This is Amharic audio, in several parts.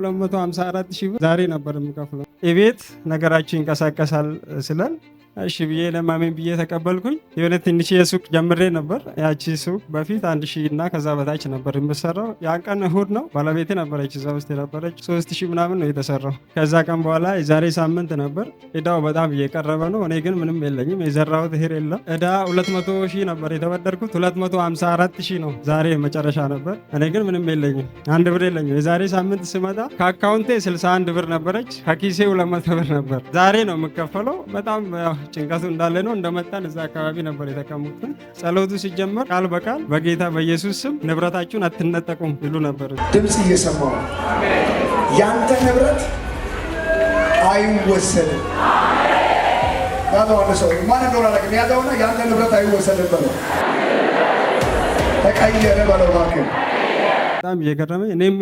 254 ሺህ ብር ዛሬ ነበር የምከፍለው። የቤት ነገራችን ይንቀሳቀሳል ስለን እሺ ብዬ ለማመን ብዬ ተቀበልኩኝ። የሆነ ትንሽ የሱቅ ጀምሬ ነበር። ያቺ ሱቅ በፊት አንድ ሺህ እና ከዛ በታች ነበር የምሰራው። ያን ቀን እሁድ ነው፣ ባለቤቴ ነበረች እዛ ውስጥ የነበረች። ሶስት ሺህ ምናምን ነው የተሰራው። ከዛ ቀን በኋላ የዛሬ ሳምንት ነበር። እዳው በጣም እየቀረበ ነው። እኔ ግን ምንም የለኝም፣ የዘራሁት እህል የለም። እዳ ሁለት መቶ ሺህ ነበር የተበደርኩት፣ ሁለት መቶ ሀምሳ አራት ሺህ ነው ዛሬ መጨረሻ ነበር። እኔ ግን ምንም የለኝም፣ አንድ ብር የለኝም። የዛሬ ሳምንት ስመጣ ከአካውንቴ ስልሳ አንድ ብር ነበረች፣ ከኪሴ ሁለት መቶ ብር ነበር። ዛሬ ነው የምከፈለው በጣም ጭንቀቱ እንዳለ ነው። እንደመጣን እዛ አካባቢ ነበር የተቀሙትን። ጸሎቱ ሲጀመር ቃል በቃል በጌታ በኢየሱስ ስም ንብረታችሁን አትነጠቁም ይሉ ነበር። ድምፅ እየሰማሁ ያንተ ንብረት አይወሰድም ያዘሆነ ሰው ማን እንደሆነ አላውቅም። ያዘሆነ ያንተ ንብረት አይወሰድም በለው፣ ተቀየረ በለው እባክህ በጣም እየገረመኝ እኔም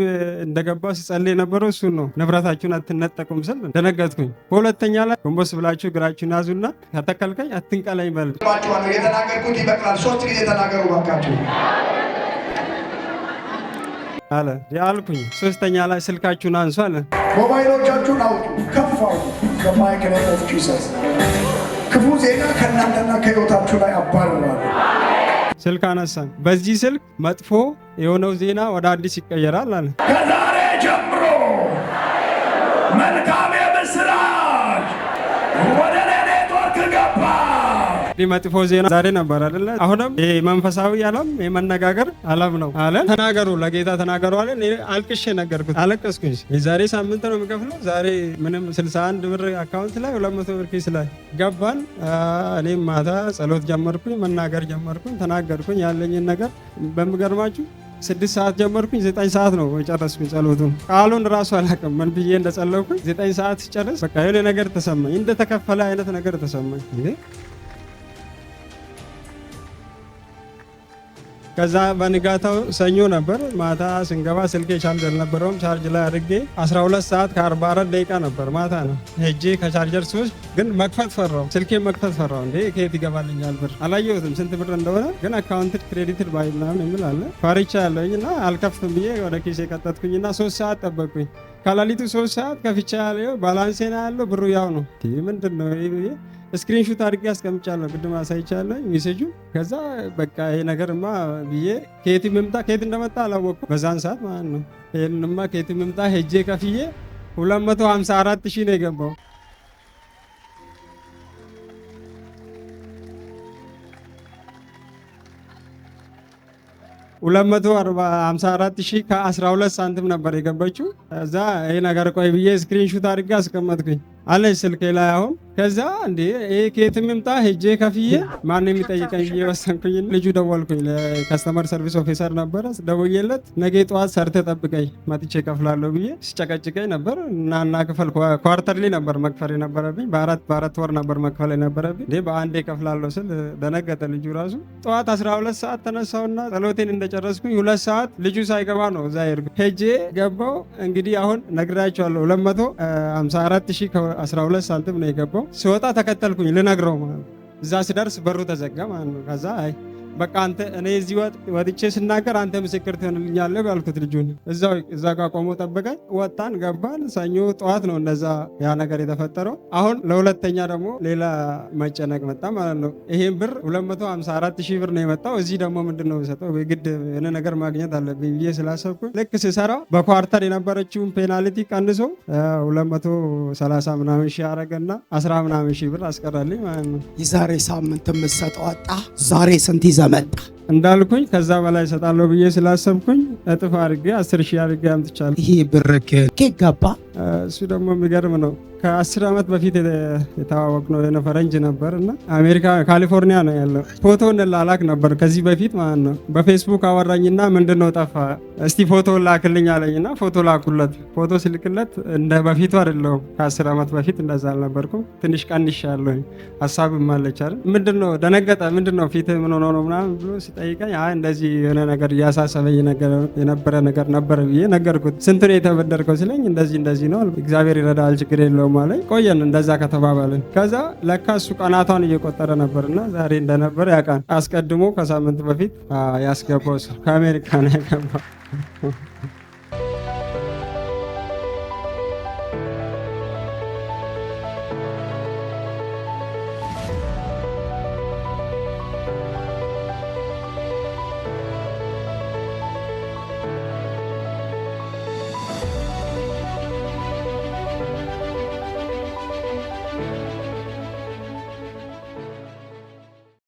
እንደገባ ሲጸልይ የነበረው እሱን ነው። ንብረታችሁን አትነጠቁም ስል ደነገጥኩኝ። በሁለተኛ ላይ ጎንበስ ብላችሁ እግራችሁን ያዙና ከተከልከኝ አትንቀለኝ በል የተናገርኩት ይበቅላል። ሶስት ጊዜ ተናገሩ ባካችሁ አለ ያልኩኝ። ሶስተኛ ላይ ስልካችሁን አንሱ አለ። ሞባይሎቻችሁን አውጡ፣ ከፍ አውጡ። በማይክል ኦፍ ጂሰስ ክፉ ዜና ከእናንተና ከህይወታችሁ ላይ አባርራለሁ። ስልክ አነሳን። በዚህ ስልክ መጥፎ የሆነው ዜና ወደ አዲስ ይቀየራል አለ። እንግዲህ መጥፎ ዜና ዛሬ ነበር አይደለ? አሁንም ይሄ መንፈሳዊ ዓለም የመነጋገር ዓለም ነው አለን። ተናገሩ፣ ለጌታ ተናገሩ አለን። አልቅሼ ነገርኩት፣ አለቀስኩኝ። ዛሬ ሳምንት ነው የሚከፍለው። ዛሬ ምንም 61 ብር አካውንት ላይ 200 ብር ኪስ ላይ ገባን። እኔም ማታ ጸሎት ጀመርኩኝ፣ መናገር ጀመርኩኝ፣ ተናገርኩኝ ያለኝን ነገር በሚገርማችሁ ስድስት ሰዓት ጀመርኩኝ። ዘጠኝ ሰዓት ነው የጨረስኩኝ ጸሎቱን። ቃሉን ራሱ አላውቅም ምን ብዬ እንደጸለኩኝ። ዘጠኝ ሰዓት ሲጨርስ በቃ የሆነ ነገር ተሰማኝ፣ እንደተከፈለ አይነት ነገር ተሰማኝ። ከዛ በንጋታው ሰኞ ነበር። ማታ ስንገባ ስልኬ ቻርጀር ነበረውም ቻርጅ ላይ አድርጌ 12 ሰዓት ከ44 ደቂቃ ነበር ማታ ነው ሄጄ ከቻርጀር ስወስድ ግን መክፈት ፈራው፣ ስልኬ መክፈት ፈራው። እንዴ ከየት ይገባልኛል ብር አላየሁትም ስንት ብር እንደሆነ ግን አካውንትድ ክሬዲትድ ባይ ምናምን የሚል አለ። ፈርቻ ያለኝ እና አልከፍትም ብዬ ወደ ኪሴ ቀጠትኩኝ እና ሶስት ሰዓት ጠበቅኩኝ። ከሌሊቱ ሶስት ሰዓት ከፍቻ ያለው ባላንሴና ያለው ብሩ ያው ነው ምንድን ነው ስክሪንሹት አድርጌ አስቀምጫለሁ። ቅድም አሳይቻለሁ ሜሴጁ። ከዛ በቃ ይሄ ነገርማ ብዬ ከየት ምምጣ ከየት እንደመጣ አላወቅኩ በዛን ሰዓት ማለት ነው። ይህንማ ከየት ምምጣ ሄጄ ከፍዬ 254 ሺህ ነው የገባው። ሁለት መቶ ሀምሳ አራት ሺህ ከአስራ ሁለት ሳንቲም ነበር የገባችው። እዛ ይህ ነገር ቆይ ብዬ ስክሪንሹት አድርጌ አስቀመጥኩኝ። አለች ስልኬ ላይ አሁን። ከዛ እንዴ ይሄ ከየትም ይምጣ ሄጄ ከፍዬ ማንም የሚጠይቀኝ ብዬ ወሰንኩኝ። ልጁ ደወልኩኝ፣ ለከስተመር ሰርቪስ ኦፊሰር ነበረ ደውዬለት፣ ነገ ጠዋት ሰርተ ጠብቀኝ መጥቼ ከፍላለሁ ብዬ ሲጨቀጭቀኝ ነበር። እናና ክፈል ኳርተርሊ ነበር መክፈል የነበረብኝ፣ በአራት በአራት ወር ነበር መክፈል የነበረብኝ። እንዴ በአንዴ ከፍላለሁ ስል ደነገጠ ልጁ ራሱ። ጠዋት 12 ሰዓት ተነሳሁና ጸሎቴን እንደጨረስኩኝ ሁለት ሰዓት ልጁ ሳይገባ ነው እዛ ሄድኩ። ሄጄ ገባው እንግዲህ አሁን ነግራቸዋለሁ 254 12 ሳንቲም ነው የገባው። ሲወጣ ተከተልኩኝ ልነግረው ማለት ነው። እዛ ሲደርስ በሩ ተዘጋ ማለት ነው። ከዛ አይ በቃ አንተ እኔ እዚህ ወጥቼ ስናገር አንተ ምስክር ትሆንልኛለህ ያልኩት ልጁን እዛ እዛ ጋር ቆሞ ጠበቀ። ወጣን፣ ገባን። ሰኞ ጠዋት ነው እነዛ ያ ነገር የተፈጠረው። አሁን ለሁለተኛ ደግሞ ሌላ መጨነቅ መጣ ማለት ነው። ይሄን ብር 254 ሺህ ብር ነው የመጣው። እዚህ ደግሞ ምንድን ነው የሰጠው ግድ የሆነ ነገር ማግኘት አለብኝ ብዬ ስላሰብኩ ልክ ስሰራው በኳርተር የነበረችውን ፔናልቲ ቀንሶ 230 ምናምን ሺህ አረገና 10 ምናምን ሺህ ብር አስቀራልኝ ማለት ነው። የዛሬ ሳምንት የምትሰጠው አጣ ዛሬ ስንት ይዘ à mettre. እንዳልኩኝ ከዛ በላይ እሰጣለሁ ብዬ ስላሰብኩኝ እጥፍ አድርጌ አስር ሺህ አድርጌ አምጥቻለሁ። ይሄ ብርክ ገባ። እሱ ደግሞ የሚገርም ነው። ከአስር ዓመት በፊት የተዋወቅ ነው የሆነ ፈረንጅ ነበር እና አሜሪካ ካሊፎርኒያ ነው ያለው። ፎቶ እንላላክ ነበር ከዚህ በፊት ማለት ነው። በፌስቡክ አወራኝና ምንድነው ጠፋ እስቲ ፎቶ ላክልኝ አለኝና ፎቶ ላኩለት። ፎቶ ስልክለት እንደ በፊቱ አይደለሁም። ከአስር ዓመት በፊት እንደዛ አልነበርኩም። ትንሽ ቀንሻለሁ። ሀሳብ ማለቻል ምንድነው ደነገጠ። ምንድነው ፊት ምን ሆኖ ነው ምናምን ብሎ ጠይቀኝ አይ እንደዚህ የሆነ ነገር እያሳሰበኝ የነበረ ነገር ነበር ብዬ ነገርኩት። ስንት ነው የተበደርከው ሲለኝ እንደዚህ እንደዚህ ነው፣ እግዚአብሔር ይረዳል፣ ችግር የለውም አለኝ። ቆየን እንደዛ ከተባባልን። ከዛ ለካ እሱ ቀናቷን እየቆጠረ ነበርና ዛሬ እንደነበር ያውቃል። አስቀድሞ ከሳምንት በፊት ያስገባው ከአሜሪካ ነው ያገባ